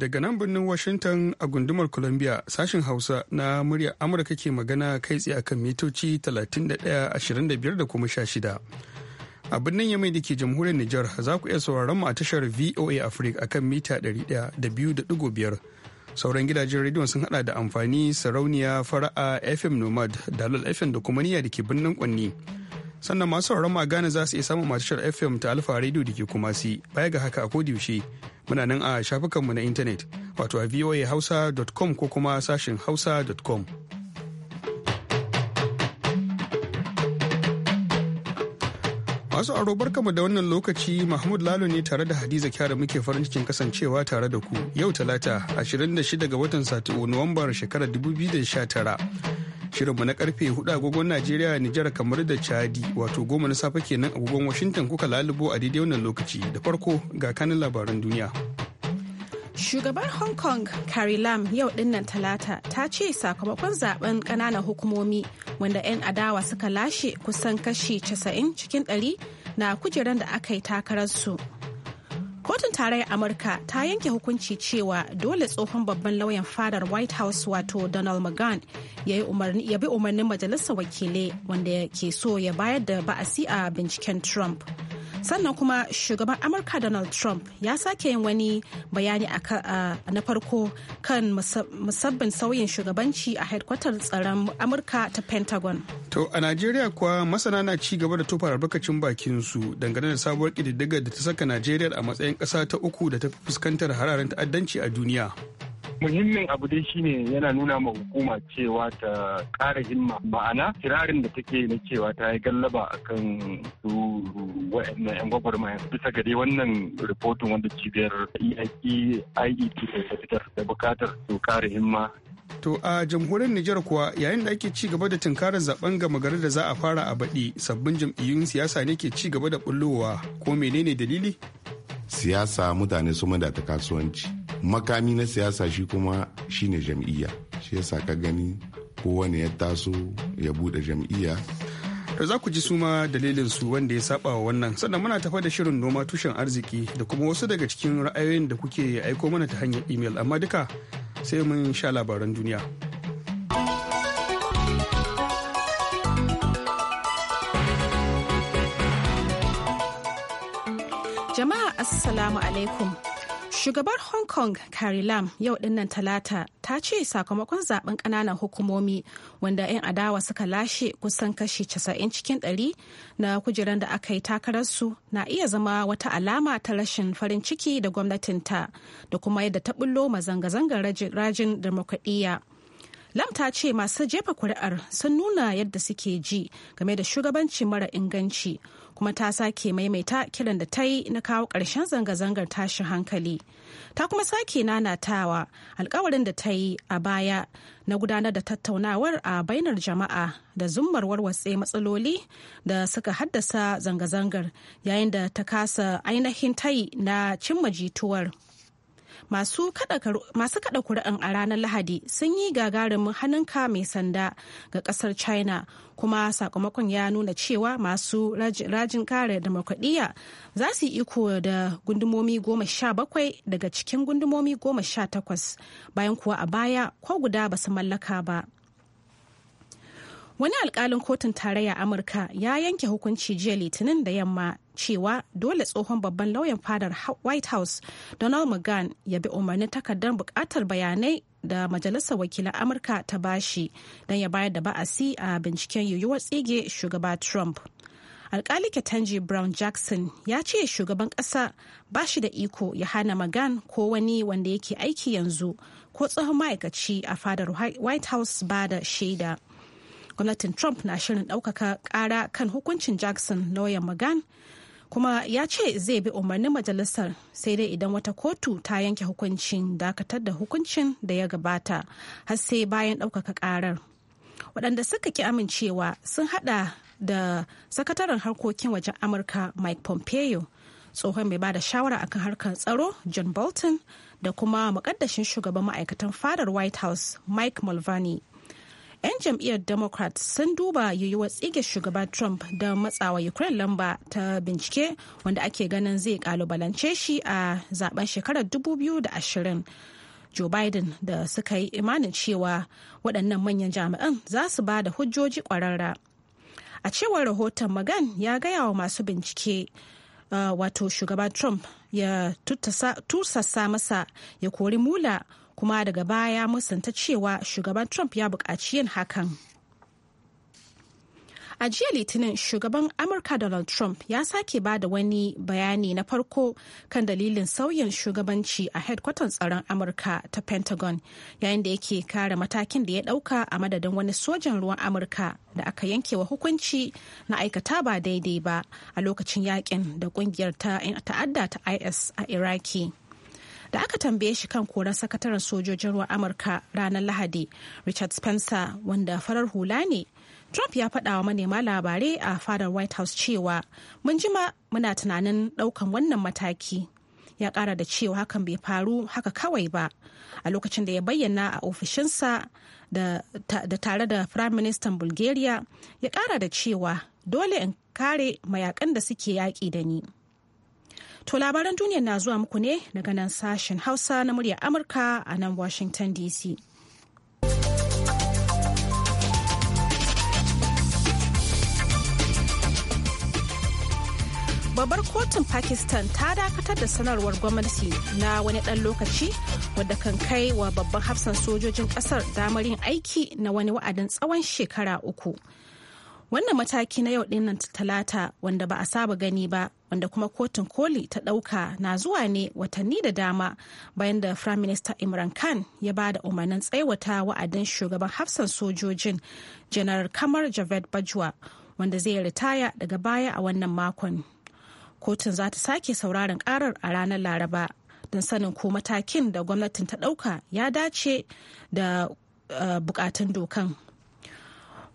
daga nan birnin Washington a gundumar Columbia sashin Hausa na murya Amurka ke magana kai tsaye akan mitoci 31, da kuma sha 16. a birnin yamai da ke jamhuriyar Nijar za ku iya sauraron mu a tashar VOA Africa akan mita da da biyu biyar sauran gidajen rediyon sun hada da amfani sarauniya fara'a FM Nomad, dalal FM da kuma niyya da ke birnin Kwanni. sannan masu sauraron magana za su iya samun matashar FM ta Alfa Radio da ke kuma si baya ga haka a yaushe muna nan a shafukanmu na intanet wato a voahausa.com ko kuma sashin hausa.com. masu aro barkamu da wannan lokaci mahmud lalo ne tare da hadiza kyara muke farin cikin kasancewa tare da ku yau talata 26 ga watan sati'u nuwambar shekarar 2019 Shirinmu na karfe hudu agogon Najeriya, Nijar, kamar da Chadi, wato goma na safe kenan agogon Washington kuka lalubo a daidai wannan lokaci. Da farko ga kanin labaran duniya. Shugabar Hong Kong Carrie Lam yau dinnan Talata ta ce sakamakon zaben kananan hukumomi wanda 'yan adawa suka lashe kusan kashi 90 cikin 100 na kujeran da aka yi takararsu. su. kotun tarayyar amurka ta yanke hukunci cewa dole tsohon babban lauyan fadar white house wato donald mcgahn ya bi umarnin majalisar wakilai wanda ke so ya bayar da ba'asi a binciken trump sannan kuma shugaban amurka donald trump ya sake yin wani bayani na farko kan musabbin sauyin shugabanci a headquarter tsaron amurka ta pentagon to a najeriya kuwa masana na ci gaba da tofa albarkacin bakin su dangane da sabuwar ƙididdigar da ta saka najeriya a matsayin ƙasa ta uku da ta fuskantar hararen ta'addanci a duniya muhimmin abu dai shine yana nuna ma hukuma cewa ta kara himma ma'ana kirarin da take na cewa ta yi gallaba akan su wa'annan 'yan gwagwarmaya bisa ga dai wannan rahoton wanda cibiyar e IET e ta fitar da bukatar su ƙara himma To a jamhuriyar Nijar kuwa yayin da ake ci gaba da tunkarar zaben gama gari da za a fara a baɗi sabbin jam'iyyun siyasa ne ke ci gaba da bullowa ko menene dalili? Siyasa mutane su da ta kasuwanci. makami na siyasa shi kuma shine jam'iyya shi yasa ka gani kowane ya taso ya bude jam'iyya da za ku ji suma dalilin su wanda ya saba wa wannan sannan muna tafa da shirin noma tushen arziki da kuma wasu daga cikin ra'ayoyin da kuke aiko mana ta hanyar imel amma duka sai mun sha labaran duniya jama'a assalamu alaikum Shugabar Hong Kong Carrie Lam yau dinnan Talata ta ce sakamakon zaben kananan hukumomi wanda 'yan adawa suka lashe kusan kashi 90 cikin 100 na kujeran da aka yi takararsu na iya zama wata alama ta rashin farin ciki da gwamnatinta da kuma yadda ta bullo ma zanga-zangar rajin demokradiyya. Lam ta ce masu jefa kuri'ar sun nuna yadda suke ji game da shugabanci mara inganci kuma ta sake maimaita kiran da ta yi na kawo ƙarshen zanga-zangar tashin hankali. Ta kuma sake nanatawa alkawarin da ta yi a baya na gudanar da tattaunawar a bainar jama'a da zummar warwatse matsaloli da suka haddasa zanga-zangar yayin da ta kasa ainihin tayi na cimma jituwar. masu kada kuri'an a ranar lahadi sun yi gagarumin hannunka mai sanda ga kasar china kuma sakamakon ya nuna cewa masu rajin kare demokradiyya za su yi iko da gundumomi goma sha bakwai daga cikin gundumomi goma sha takwas bayan kuwa a baya ko guda ba su mallaka ba. Wani alkalin kotun tarayya Amurka ya yanke hukunci jiya litinin da yamma cewa dole tsohon babban lauyan fadar White House Donald McGahn ya bi umarnin takardar bukatar bayanai da Majalisar Wakilan Amurka ta bashi don ya bayar da ba'asi a binciken yiwuwar tsige shugaba Trump. Alkali Ketanji Brown Jackson ya ce shugaban ƙasa ba shi da iko ya hana magan ko wani wanda yake aiki yanzu ko tsohon ma'aikaci a fadar White House ba da shaida. gwamnatin trump na shirin ɗaukaka ƙara kan hukuncin jackson lauyan magan kuma ya ce zai bi umarnin majalisar sai dai idan wata kotu ta yanke hukuncin dakatar da hukuncin da ya gabata har sai bayan ɗaukaka ƙarar waɗanda suka ki amincewa sun haɗa da sakataren harkokin wajen amurka mike pompeo tsohon mai bada shawara akan harkar tsaro john bolton da kuma makaddashin shugaban ma'aikatan fadar white house mike mulvaney 'yan jam'iyyar democrat sun duba yiwuwar tsige shugaban trump da matsawa ukraine lamba ta bincike wanda ake ganin zai kalubalance shi a zaben shekarar 2020 joe biden da suka yi imanin cewa waɗannan manyan jami'an za su ba da hujjoji ƙwararra a cewar rahoton magan ya gaya wa masu bincike uh, wato shugaba trump ya tursasa masa ya kori mula kuma daga baya musanta cewa shugaban trump ya buƙaci yin hakan a jiya litinin shugaban amurka donald trump ya sake ba da wani bayani na farko kan dalilin sauyin shugabanci a headkwatan tsaron amurka ta pentagon yayin da yake kare matakin da ya dauka a madadin wani sojan ruwan amurka da aka yanke wa hukunci na aikata ba daidai ba a lokacin yakin da kungiyar ta'adda ta is a iraki da aka tambaye shi kan korar sakataren sojojin ruwa amurka ranar lahadi richard spencer wanda farar hula ne trump ya faɗa wa manema labarai a fadar white house cewa mun jima muna tunanin ɗaukan wannan mataki ya ƙara da cewa hakan bai faru haka kawai ba a lokacin da ya bayyana a ofishinsa da tare da prime minister bulgaria ya ƙara da cewa dole in kare mayakan da suke yaƙi da ni. To labaran duniya na zuwa muku ne daga nan sashen Hausa na muryar Amurka a nan Washington DC. babbar kotun pakistan ta dakatar da sanarwar gwamnati na wani ɗan lokaci wadda kan kai wa babban hafsan sojojin ƙasar damar yin aiki na wani wa'adin tsawon shekara uku wannan mataki na yau ɗinnan talata wanda ba a saba gani ba wanda kuma kotun koli ta dauka na zuwa ne watanni da dama bayan da prime minister imran khan ya ba da umarnin tsaiwata wa'adin shugaban hafsan sojojin janar kamar javed bajwa wanda zai ritaya daga baya a wannan makon kotun za ta sake sauraron karar a ranar laraba don sanin ko matakin da gwamnatin ta dauka ya dace da eh, bukatun dokan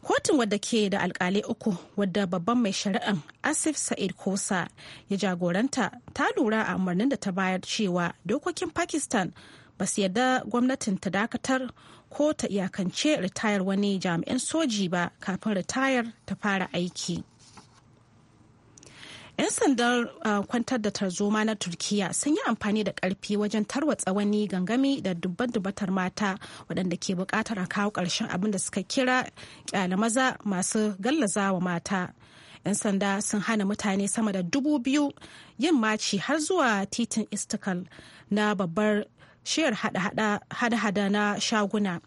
kotun wadda ke da alkalai uku wadda babban mai shari'an asif sa'id kosa ya jagoranta ta lura a umarnin da ta bayar cewa dokokin pakistan ba su yarda gwamnatin ta dakatar ko ta iyakance ritayar wani jami'in soji ba kafin ritayar ta fara aiki. 'Yan sandan kwantar da tarzoma na Turkiya sun yi amfani da karfi wajen tarwatsa wani gangami da dubban dubatar mata waɗanda ke buƙatar a kawo ƙarshen abin da suka kira ƙyale maza masu wa mata. 'Yan sanda sun hana mutane sama da dubu biyu yin maci har zuwa titin Istikal na babbar shiyar hada-hada na shaguna.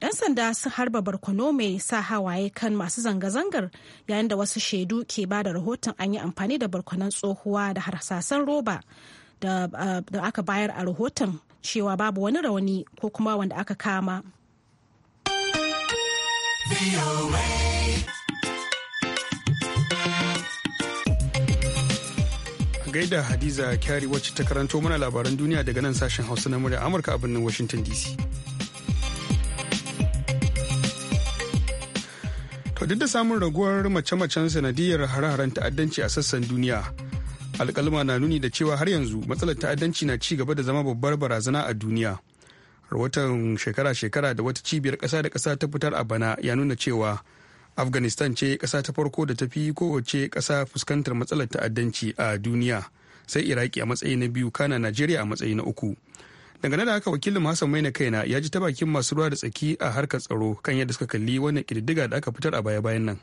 'Yan sanda sun harba barkono mai sa hawaye kan masu zanga-zangar yayin da wasu shaidu ke ba da rahoton an yi amfani da barkonon tsohuwa da harsasan roba uh, da aka bayar a rahoton cewa babu wani rauni ko kuma wanda aka kama. gaida Hadiza Kyari wacce ta karanto mana labaran duniya daga nan sashen Hausa na murya Amurka a birnin Washington DC. To duk da samun raguwar mace-macen sanadiyar hare-haren ta'addanci a sassan duniya, alkalma na nuni da cewa har yanzu matsalar ta'addanci na ci gaba da zama babbar barazana a duniya. Rahoton shekara-shekara da wata cibiyar ƙasa da ƙasa ta fitar a bana ya nuna cewa Afghanistan ce ƙasa ta farko da ta fi kowace ƙasa fuskantar matsalar ta'addanci a duniya, sai Iraki a matsayi na biyu, kana Najeriya a matsayi na uku. dangane da haka wakilin hassan maina kaina ya ji ta bakin masu ruwa da tsaki a harkar tsaro kan yadda suka kalli wannan kididdiga da aka fitar a baya bayan nan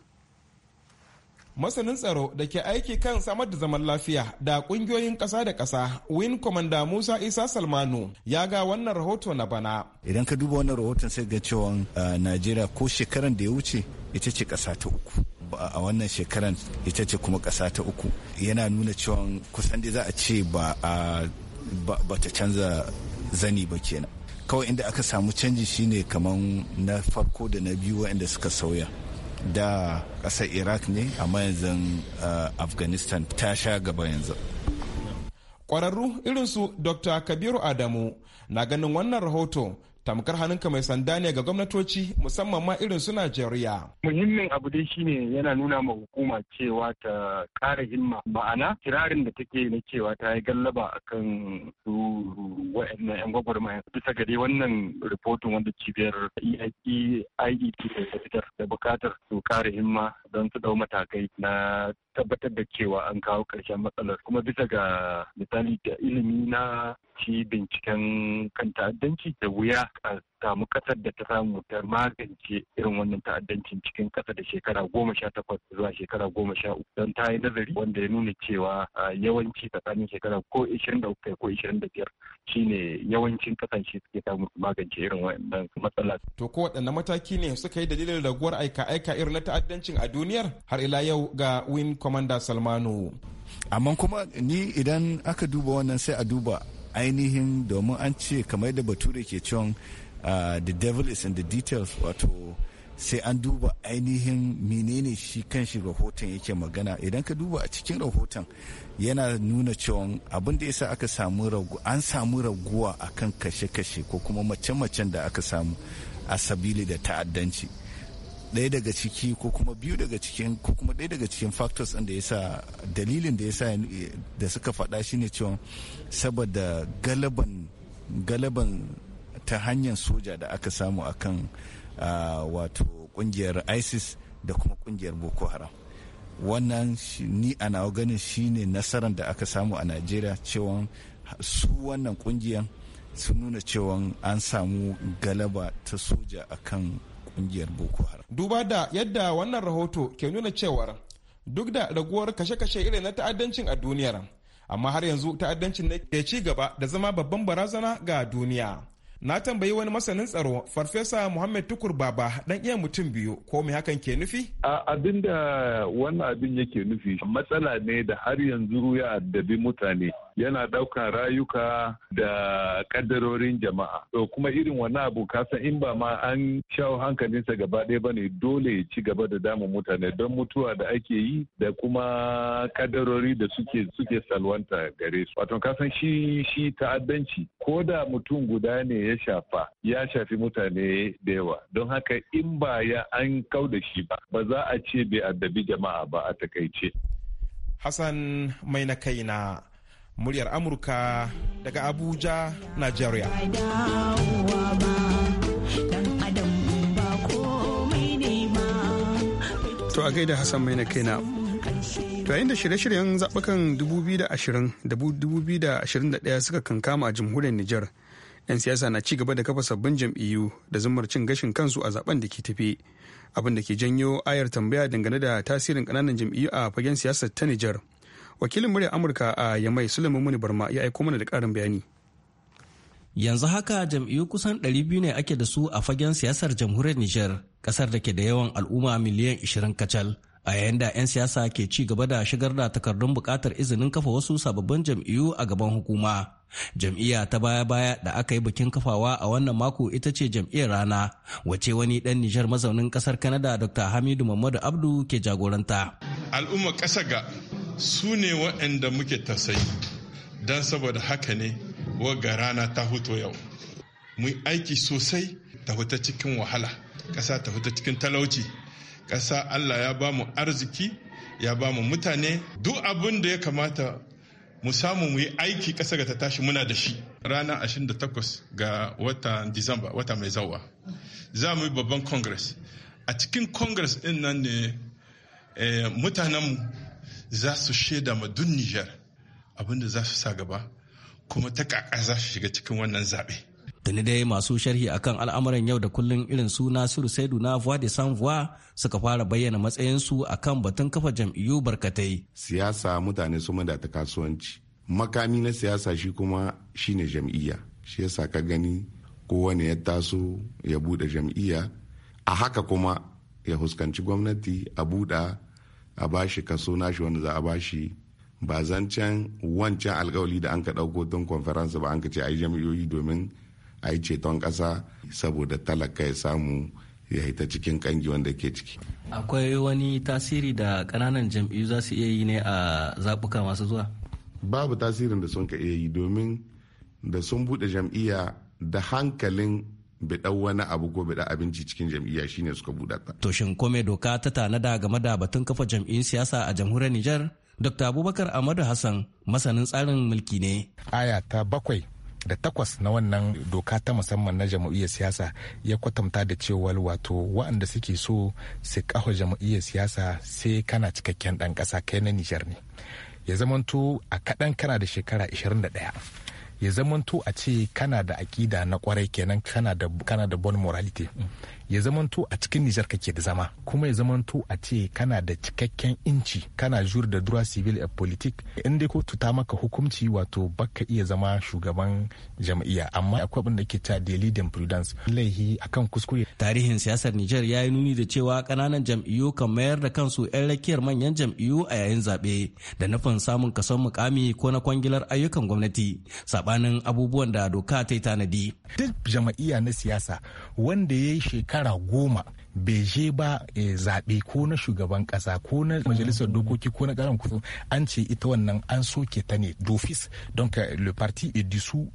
masanin tsaro da ke aiki kan samar da zaman lafiya da kungiyoyin kasa da kasa win commander musa isa salmanu ya ga wannan rahoto na bana idan ka duba wannan rahoton sai ga cewa najeriya ko shekaran da ya wuce ita ce ƙasa ta uku a wannan shekaran ita ce kuma kasa ta uku yana nuna cewa kusan da za a ce ba ta canza zani ba kenan kawai inda aka samu canji shine kamar na farko da na biyu waɗanda suka sauya da ƙasar iraq ne amma yanzu uh, afghanistan ta sha gaba yanzu ƙwararru irinsu dr kabiru adamu na ganin wannan rahoto tamkar hannunka mai sanda ne ga gwamnatoci musamman ma irin su Najeriya. Muhimmin abu dai shine yana nuna ma hukuma cewa ta kara himma ma'ana kirarin da take na cewa ta yi gallaba akan su wa'annan 'yan gwagwarmaya bisa ga dai wannan rahoton wanda cibiyar e IET e ta fitar da bukatar su kara himma don su dau matakai na tabbatar da cewa an kawo ƙarshen matsalar kuma bisa ga misali da ilimi na shi binciken kan ta'addanci da wuya a samu kasar da ta samu ta magance irin wannan ta'addancin cikin kasa da shekara goma sha takwas zuwa shekara goma sha uku don ta yi nazari wanda ya nuna cewa yawanci tsakanin shekara ko ishirin da uku ko ishirin da biyar shine yawancin kasashe suke samu magance irin wannan matsala. To ko waɗanne mataki ne suka yi dalilin raguwar aika-aika irin na ta'addancin a duniyar har ila yau ga Win Commander Salmanu. Amma kuma ni idan aka duba wannan sai a duba ainihin domin an ce kamar da bature ke cewa uh, the devil is in the details wato sai an duba ainihin menene shi kanshi rahoton yake magana idan ka duba a cikin rahoton yana nuna cewa abin da yasa aka samu an samu raguwa akan kashe-kashe ko kuma mace-macen da aka samu a sabili da ta'addanci ɗaya daga ciki ko kuma biyu daga cikin ko kuma ɗaya daga cikin factors ɗin da yasa dalilin da yasa da suka faɗa shine cewa saboda galaban galaban ta hanyar soja da aka samu akan wato kungiyar isis da kuma ƙungiyar boko haram wannan ni a nawa ganin shine nasarar da aka samu a najeriya cewa su wannan kungiyar sun nuna cewa an samu galaba ta soja akan kungiyar boko haram duba da yadda wannan rahoto ke nuna cewar duk da raguwar kashe-kashe irin na ta'addancin a duniyar amma har yanzu ta'addancin ne ke ci gaba da zama babban barazana ga duniya na tambayi wani masanin tsaro farfesa muhammad tukur baba dan iya mutum biyu ko mai hakan ke nufi abin da wannan abin yake nufi matsala ne da har yanzu ya addabi mutane yana ɗaukan rayuka da ƙaddarorin jama'a. To kuma irin wani abu kasan in ba ma an shawo hankalinsa gaba ɗaya ba ne dole ya ci gaba da damun mutane don mutuwa da ake yi da kuma ƙaddarori da suke suke salwanta gare su. Wato kasan shi shi ta'addanci ko da mutum guda ne ya shafa ya shafi mutane da yawa don haka in ba ya an kau da shi ba ba za a ce bai addabi jama'a ba a takaice. Hassan mai na kaina muryar amurka daga abuja nigeria to a gaida hassan mai na kaina to yayin da shirye-shiryen zaɓukan 2020 2021 suka kankama a jamhuriyar nijar 'yan siyasa na ci gaba da kafa sabbin jam'iyyu da zumar cin gashin kansu a zaben da ke tafi abin da ke janyo ayar tambaya dangane da tasirin ƙananan jam'iyyu a fagen siyasar ta Nijar. wakilin muryar amurka a yamai sulaiman muni barma ya aiko mana da karin bayani yanzu haka jam'iyyu kusan 200 ne ake da su a fagen siyasar jamhuriyar niger kasar da ke da yawan al'umma miliyan 20 kacal a yayin da 'yan siyasa ke ci gaba da shigar da takardun bukatar izinin kafa wasu sababbin jam'iyyu a gaban hukuma jam'iyya ta baya-baya da aka yi bikin kafawa a wannan mako ita ce jam'iyyar rana wace wani dan nijar mazaunin kasar kanada dr hamidu mamadu abdu ke jagoranta al'umma kasa ga su ne waɗanda muke tasayi don saboda haka ne waga rana ta huto yau mu aiki sosai ta huta cikin wahala ƙasa ta huta cikin talauci ƙasa allah ya ba mu arziki ya ba mu mutane duk abin da ya kamata mu samu mu yi aiki ƙasa ga ta tashi muna da shi rana 28 ga watan disamba wata mai zawa za mu yi babban congress a cikin congress din nan ne eh, mutanenmu za su shaida ma dun Nijar abinda za su sa gaba kuma ta kaka za su shiga cikin wannan zaɓe. Tuni dai masu sharhi akan al'amuran yau da kullun irin su Nasiru Saidu na Voix de Saint suka fara bayyana matsayinsu akan batun kafa jam'iyyu barkatai. Siyasa mutane su da ta kasuwanci. Makami na siyasa shi kuma shine jam'iyya. Shi yasa ka gani kowane ya taso ya buɗe jam'iyya. A haka kuma ya fuskanci gwamnati a buɗa a bashi kaso nashi wanda za a bashi ba zancen wancan alkawali da an ka ɗauko tun conference ba an ka ce a yi jami'oyi domin a yi ceton ƙasa saboda talaka ya samu ya ta cikin kangi wanda ke ciki. Akwai wani tasiri da ƙananan jam'iyyu za su iya yi ne a zaɓuka masu zuwa? Babu tasirin da sun ka iya yi domin da sun buɗe jam'iyya da hankalin biɗan wani abu ko biɗan abinci cikin jam'iyya shine suka buɗa ta. To kome doka ta tanada game da batun kafa jam'iyyar siyasa a jamhuriyar Nijar? Dr. Abubakar Ahmadu Hassan masanin tsarin mulki ne. Aya ta bakwai da takwas na wannan doka ta musamman na jam'iyyar siyasa ya kwatanta da cewa wato waɗanda suke so su kafa jam'iyyar siyasa sai kana cikakken ɗan ƙasa kai na Nijar ne. Ya zamanto a kaɗan kana da shekara 21. ya zamanto a ce kana da aƙida na kwarai kenan kana da da bon morality ya zamanto a cikin Nijar kake da zama kuma ya zamanto a ce kana da cikakken inci kana jur da dura civil a politik in dai kotu ta maka hukunci wato baka iya zama shugaban jam'iyya amma akwai abin da ke ta daily prudence laihi akan kuskure tarihin siyasar Nijar ya yi nuni da cewa kananan jam'iyyu kan mayar da kansu 'yan rakiyar manyan jam'iyyu a yayin zaɓe da nufin samun kason mukami ko na kwangilar ayyukan gwamnati sabanin abubuwan da doka ta yi tanadi duk jam'iyya na siyasa wanda ya yi shekara shekara goma bai je ba eh, zaɓe ko na shugaban ƙasa ko na majalisar dokoki ko na ƙaran kusur an ce ita wannan an soke ta ne dofis don ka eh, le parti est dissous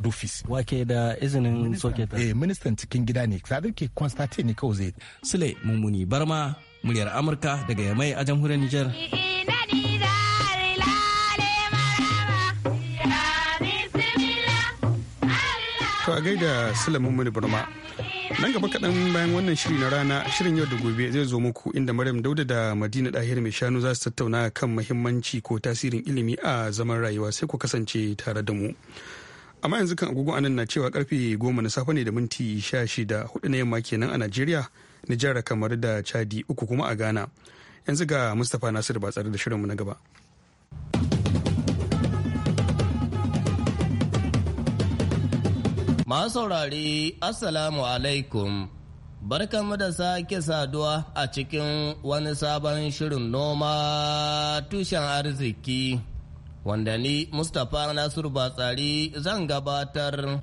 dofis. Wake da izinin soke ta? Eh, ministan cikin gida ne, sadar ke constate ne kawai zai. Sule Mummuni Barma, muryar Amurka daga Yamai a jamhuriyar Nijar. a gaida Sulaiman Muni Burma. Nan gaba kaɗan bayan wannan shiri na rana shirin yau da gobe zai zo muku inda Maryam Dauda da Madina Dahir mai shanu za su tattauna kan mahimmanci ko tasirin ilimi a zaman rayuwa sai ku kasance tare da mu. Amma yanzu kan agogo anan na cewa karfe goma na safe ne da minti sha shida hudu na yamma kenan a Najeriya, Nijar kamar da Chadi uku kuma a Ghana. Yanzu ga Mustapha Nasiru ba tsare da shirinmu na gaba. Masu saurari, Assalamu alaikum. Barkanmu da sake saduwa a cikin wani sabon shirin noma tushen arziki, wanda ni Mustapha Nasiru Batsari zan gabatar.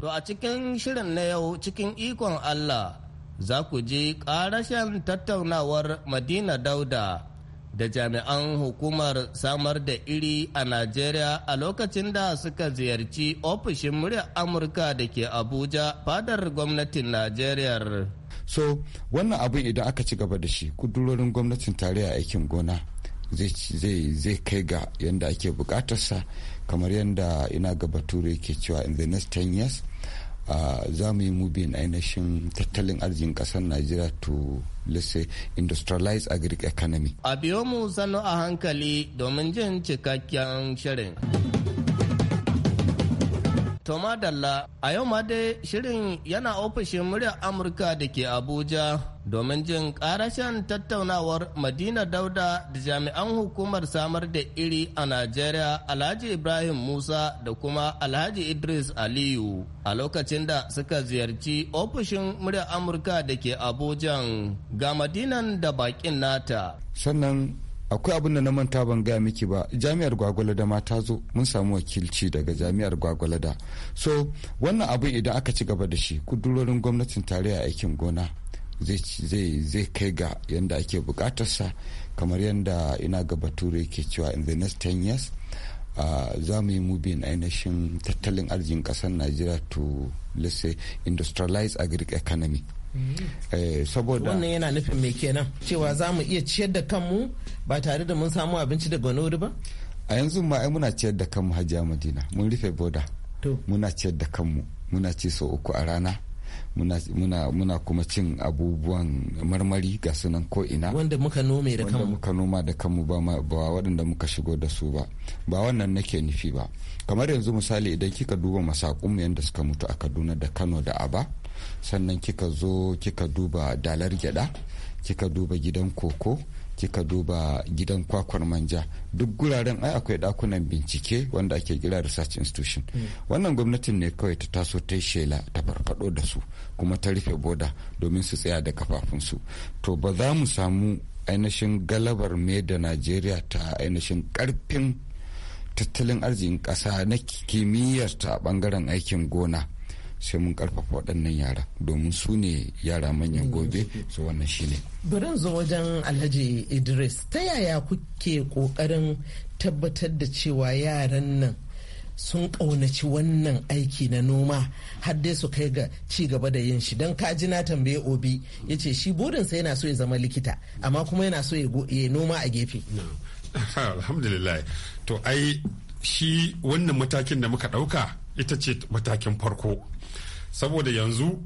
To a cikin shirin na yau cikin ikon Allah za ku ji ƙarashen tattaunawar Madina Dauda da jami'an hukumar samar da iri a Najeriya a lokacin da suka ziyarci ofishin murya Amurka da ke Abuja fadar gwamnatin Najeriya. So, wannan abin idan aka ci gaba da shi, kudurorin gwamnatin tarayya aikin gona zai kai ga yadda ake bukatarsa kamar yadda ina ga bature ke cewa in the next 10 years za mu yi mubin ainihin tattalin arzikin kasar najeriya to let's say industrialized agric economy a biyo mu sannu a hankali domin jin cikakken shirin To Dalla, a yau ma dai shirin yana ofishin muryar Amurka da ke Abuja domin jin karashen tattaunawar Madina Dauda da jami'an hukumar samar da iri a Najeriya Alhaji Ibrahim Musa da kuma Alhaji Idris Aliyu a lokacin da suka ziyarci ofishin muryar Amurka da ke Abuja ga Madinan da bakin nata. Sannan akwai abin da na manta ban gaya miki ba jami'ar gwagwalada ma ta zo mun samu wakilci daga jami'ar gwagwalada so wannan abin idan aka ci gaba da shi kudurorin gwamnatin tarayya aikin gona zai kai ga yadda ake bukatarsa kamar yadda ina ga bature ke cewa in the next 10 years za mu yi mubin ainihin tattalin arzikin kasar najeriya to let's say industrialized agric economy Eh, saboda wannan yana nufin mai kenan cewa za mu iya ciyar da kanmu ba tare da mun samu abinci daga wani wuri ba a yanzu ma ai muna ciyar da kanmu hajiya madina mun rufe boda muna ciyar da kanmu muna ci sau uku a rana muna kuma cin abubuwan marmari ga sunan ko ina wanda muka nome da kanmu muka noma da kanmu ba ba waɗanda muka shigo da su ba ba wannan nake nufi ba kamar yanzu misali idan kika duba masakun yadda suka mutu a Kaduna da Kano da Aba sannan kika zo kika duba dalar gyada kika duba gidan koko kika duba gidan kwakwar manja duk guraren ai akwai dakunan bincike wanda ake gira research institution hmm. wannan gwamnatin ne kawai ta taso ta shela ta farfado da su kuma ta rufe boda domin su tsaya da kafafunsu to ba za mu samu ainihin galabar me da najeriya ta ainihin karfin tattalin arzikin kasa na kimiyyar ta bangaren aikin gona sai mun karfafa waɗannan yara domin su ne yara manyan gobe su wannan shine bari zo wajen alhaji idris ta yaya kuke ƙoƙarin tabbatar da cewa yaran nan sun ƙaunaci wannan aiki na noma har dai su kai ga ci gaba da yin shi don kaji na tambaye obi ya ce shi burinsa yana so ya zama likita amma kuma yana so ya noma a gefe alhamdulillah to ai shi wannan matakin da muka ɗauka ita ce matakin farko saboda yanzu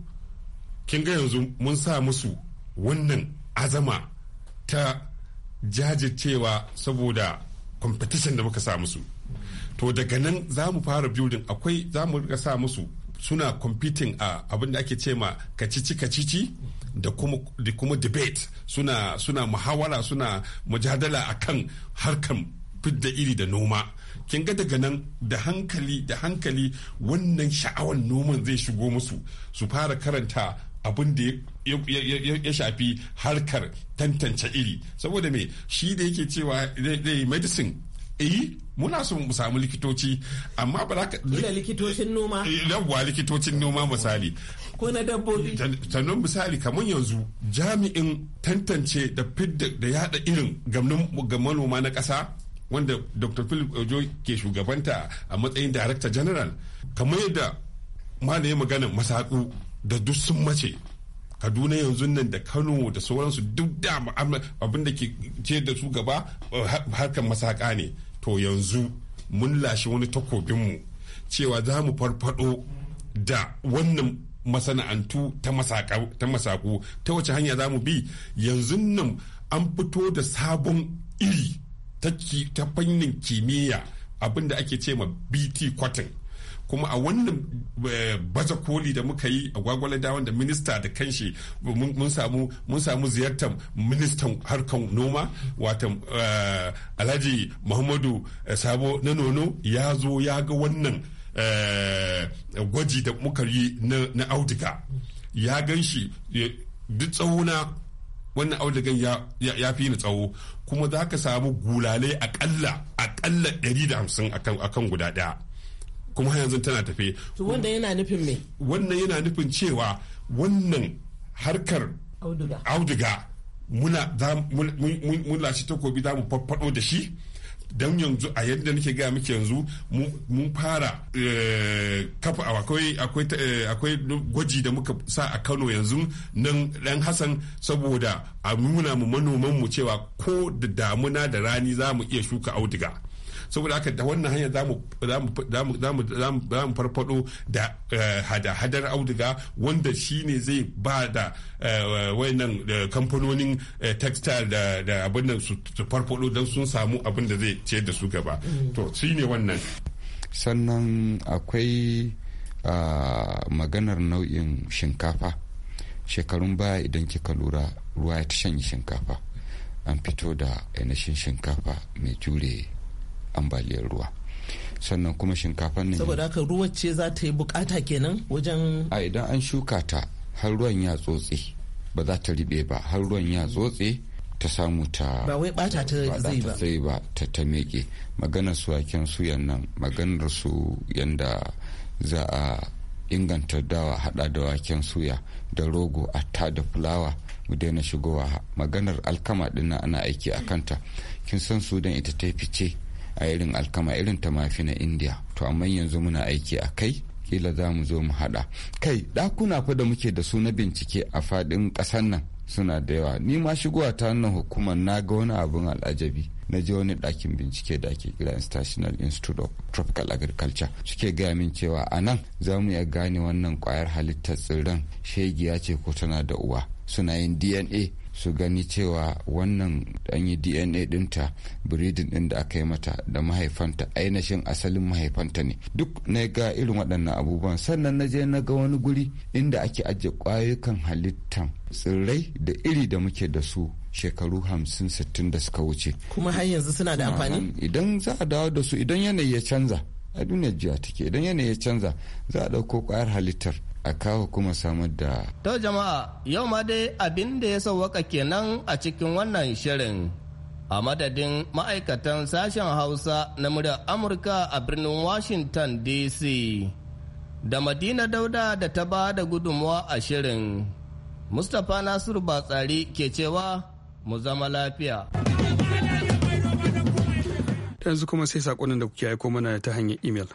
kin ga yanzu mun sa musu wannan azama ta jajircewa saboda competition da muka sa musu to daga nan za mu fara building akwai za mu rika sa musu suna competing a abin da ake cema kacici kacici da kuma, da kuma debate suna suna muhawara suna mujadala akan harkan fidda iri da noma kin ga daga nan da hankali da hankali wannan sha'awan noman zai shigo musu su fara karanta abin da ya shafi harkar tantance iri saboda me shi da yake cewa zai medicine eh muna so mu samu likitoci amma ba za ka ila likitocin noma eh, yawwa likitocin noma misali ko na dabbobi sannan misali kamar yanzu jami'in tantance da fidda da yada irin ga manoma na ƙasa wanda dr philip ojo ke shugabanta a matsayin director general kamar yadda yi magana masaku da duk sun mace kaduna yanzu nan da kano da sauransu duk da abin da ke ce da su gaba eh, harkar masaka ne to yanzu mun lashe wani takobinmu cewa za mu farfado da wannan masana'antu ta masaku ta wace hanya za mu bi yanzu nan an fito da sabon iri ta fannin kimiyya abinda da ake ce ma bt cotton kuma a wannan eh, baza koli da muka yi a gwagwala dawon da minista da kanshi mun samu ziyartar ministan harkar noma wata eh, alhaji muhammadu eh, sabo na nono ya zo ya ga wannan gwaji da muka yi na auduga ya gan shi duk tsawona wannan audigan ya fi ni tsawo kuma za ka samu gulalai akalla akalla 150 akan guda daya kuma yanzu tana tafe wanda yana nufin me wannan yana nufin cewa wannan harkar auduga muna mun lashi takobi za mu farfado da shi don yanzu a yadda nake gaya miki yanzu mun fara eh, kafa eh, akwai gwaji da muka sa a kano yanzu nan dan hassan saboda a nuna mu manoman mu cewa ko da damuna da rani za mu iya shuka auduga saboda haka da wannan hanyar za mu farfado da eh, hada-hadar auduga wanda shi ne zai ba da eh, wayannan eh, kamfanonin textile da abin nan su farfado don sun samu abin da zai ciyar da su gaba mm. to shi ne wannan sannan akwai ah, maganar nau'in shinkafa shekarun baya idan kika lura ruwa ya ta shanyi shinkafa an fito da yanashin shinkafa mai jure ambaliyar ruwa sannan kuma shinkafan nan saboda haka ruwa ce za ta yi bukata kenan wajen a idan an shuka ta har ruwan ya tsotse ba za ta riɓe ba har ruwan ya tsotse ta samu ta ba wai bata ta zai ba zai ba ta ta meke maganar su waken suyan nan maganar su yanda za a inganta dawa hada da waken suya da rogo atta da fulawa mu daina shigowa maganar alkama dinnan ana aiki a kanta kin san su sudan ita ta fice a irin alkama irin ta mafi na india to amma yanzu muna aiki a kai kila za mu zo mu haɗa kai ɗakuna fa da muke da su na bincike a faɗin ƙasar nan suna da yawa ni ma shigowa ta nan hukumar na ga wani abin al'ajabi na je wani ɗakin bincike da ake kira international institute of tropical agriculture suke gaya min cewa a nan za mu iya gane wannan kwayar halittar tsirran shegiya ce ko tana da uwa suna yin dna su gani cewa wannan an yi dna dinta biridin din da aka yi mata da mahaifanta ainihin asalin mahaifanta ne duk na ga irin waɗannan abubuwan sannan na je na ga wani guri inda ake ajiye ƙwayukan halittan tsirrai da iri da muke da su shekaru hamsin sittin da suka wuce kuma har yanzu suna da amfani idan za a dawo da su idan yanayi ya canza a duniyar jiya take idan yanayi ya canza za a ɗauko ƙwayar halittar a kawo kuma samar da. To jama'a yau ma dai abin da ya sauwaka kenan a cikin wannan shirin. A madadin ma'aikatan sashen Hausa na muryar Amurka a birnin Washington DC. Da Madina Dauda da ta ba da gudunmuwa a shirin. Mustapha Nasiru Batsari ke cewa mu zama lafiya. Yanzu kuma sai saƙonin da kuke aiko mana ta hanyar imel.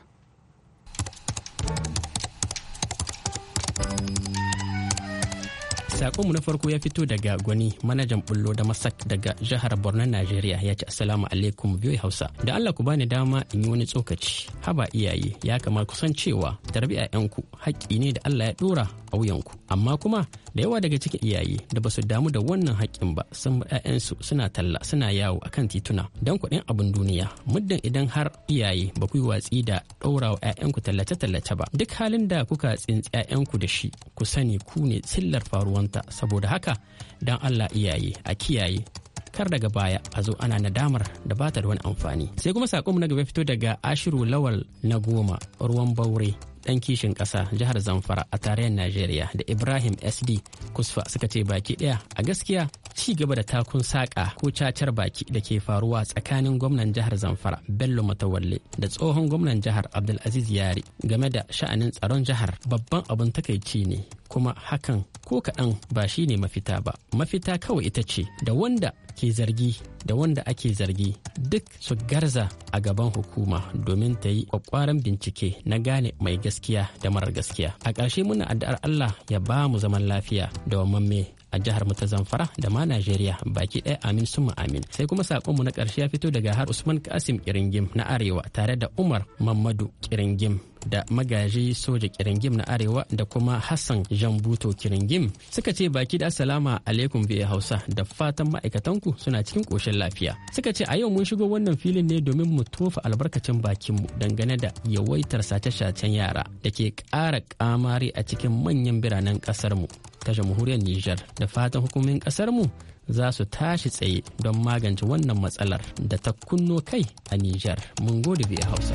Sakonmu na farko ya fito daga gwani manajan bullo da masak daga jihar Borno Najeriya ya ce assalamu alaikum biyu Hausa. Da Allah ku bani dama in yi wani tsokaci. Haba iyaye ya kama kusan cewa tarbiya yanku haƙƙi ne da Allah ya ɗora a wuyanku. Amma kuma da yawa daga cikin iyaye da basu damu da wannan haƙƙin ba sun ƴaƴansu suna talla suna yawo akan tituna don kuɗin abin duniya. Muddin idan har iyaye ba ku yi watsi da ɗora wa ƴaƴanku tallace-tallace ba. Duk halin da kuka tsintsi ƴaƴanku da shi ku sani ku ne sillar faruwan saboda haka don allah iyaye a kiyaye kar daga baya a zo ana nadamar da ba ta da wani amfani sai kuma sakonmu na gaba fito daga ashiru lawal na goma ruwan baure ɗan kishin ƙasa jihar zamfara a tarayyar najeriya da ibrahim sd kusfa suka ce baki ɗaya a gaskiya ci gaba da takun saƙa ko cacar baki da ke faruwa tsakanin gwamnan jihar zamfara bello matawalle da tsohon gwamnan jihar abdulaziz yari game da sha'anin tsaron jihar babban abin takaici ne kuma hakan ko kaɗan ba shi ne mafita ba mafita kawai ita ce da wanda ke zargi da wanda ake zargi duk su garza a gaban hukuma domin ta yi kwakwaran bincike na gane mai gaskiya da marar gaskiya a ƙarshe muna addu'ar allah ya ba mu zaman lafiya da wamamme a jihar mu ta zamfara da ma najeriya baki ɗaya amin summa amin sai kuma saƙonmu na ƙarshe ya fito daga har usman kasim kiringim na arewa tare da umar mamadu kiringim da magaji soja kiringim na arewa da kuma hassan jambuto kiringim suka ce baki da salama alaikum biya hausa da fatan ma'aikatanku suna cikin koshin lafiya suka ce a yau mun shigo wannan filin ne domin mu tofa albarkacin bakinmu dangane da yawaitar sace-sacen yara da ke ƙara ƙamari a cikin manyan biranen ƙasarmu ta jamhuriyar Nijar da fatan hukumomin ƙasarmu za su tashi tsaye don magance wannan matsalar da ta kunno kai a Nijar. Mun gode biya Hausa.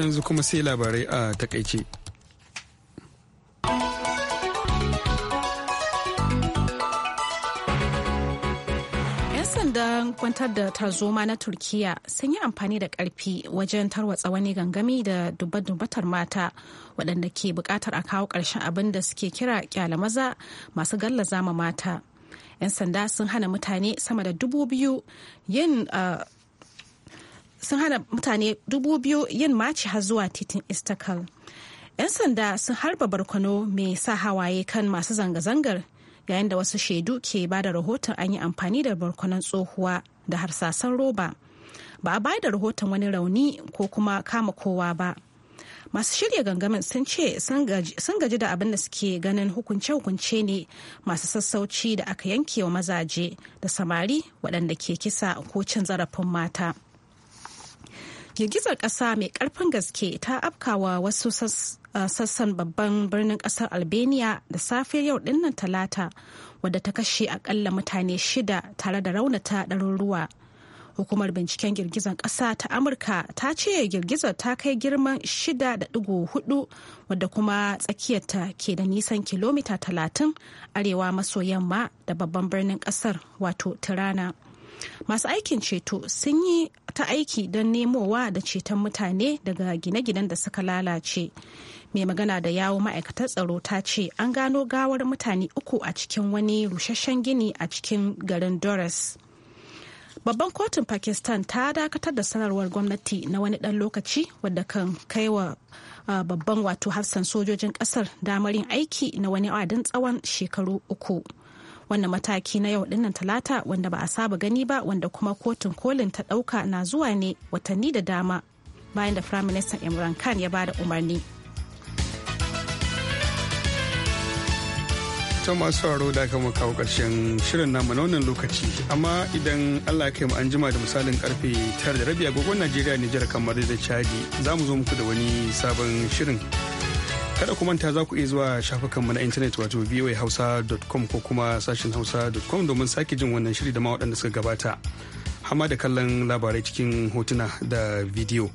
yanzu kuma sai labarai a takaice. kwantar da tarzoma na turkiya sun yi amfani da karfi wajen tarwatsa wani gangami da dubbatar mata waɗanda ke buƙatar a kawo ƙarshen abin da suke kira kyala maza masu gallaza ma mata 'yan sanda sun hana mutane sama da dubu biyu yin uh, sun hana mutane dubu biyu yin maci har zuwa titin istakal 'yan sanda sun harba barkono mai sa hawaye kan masu zanga-zangar yayin da wasu shaidu ke ba da rahoton an yi amfani da barkonan tsohuwa da harsasan roba ba a bai da rahoton wani rauni ko kuma kama kowa ba masu shirya gangamin sun ce sun gaji da abin da suke ganin hukunce-hukunce ne masu sassauci da aka yanke wa mazaje da samari waɗanda ke kisa ko cin zarafin mata girgizar ƙasa mai ƙarfin gaske ta afkawa wasu a sassan babban birnin kasar albania da safe yau dinnan talata wadda ta kashe akalla mutane shida tare da raunata ɗaruruwa hukumar binciken girgizan ƙasa ta amurka ta ce girgizar ta kai girman 6.4 wadda kuma tsakiyarta ke da nisan kilomita 30 arewa maso yamma da babban birnin ƙasar wato tirana masu aikin ceto sun yi ta aiki don nemowa da ceton mutane daga gine-ginen da suka lalace mai magana da yawo ma'aikatar tsaro ta ce an gano gawar mutane uku a cikin wani rusasshen gini a cikin garin doris babban kotun pakistan ta dakatar da sanarwar gwamnati na wani dan lokaci wadda kan kaiwa uh, babban wato hafsan sojojin kasar damar yin aiki na wani adin tsawon shekaru uku wannan mataki na yau dinnan talata wanda ba a saba gani ba wanda kuma kotun kolin ta dauka na zuwa ne watanni da dama bayan da firaministan imran khan ya bada umarni fatan masu sauraro da aka kawo karshen shirin namu na wannan lokaci amma idan allah ya mu an jima da misalin karfe tara da rabi agogon najeriya nijar kamar da chadi za mu zo muku da wani sabon shirin kada ku manta za ku iya zuwa shafukanmu na intanet wato voahausa.com ko kuma sashin hausa.com domin sake jin wannan shiri da ma waɗanda suka gabata hama da kallon labarai cikin hotuna da bidiyo.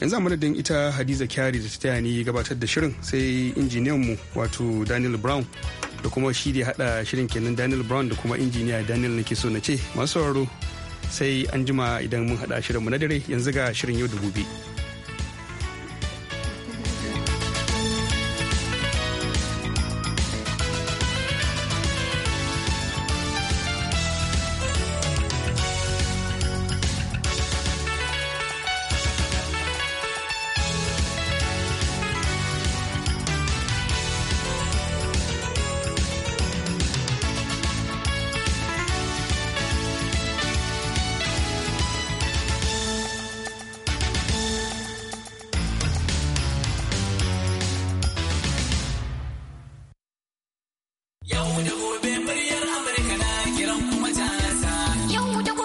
yanzu a madadin ita hadiza kyari da ta taya ni gabatar da shirin sai injiniyanmu wato daniel brown da kuma shi da hada shirin kenan daniel brown da kuma injiniya daniel na nake so na ce masu sauraro sai an jima idan mun hada shirinmu na dare yanzu ga shirin yau da gobe.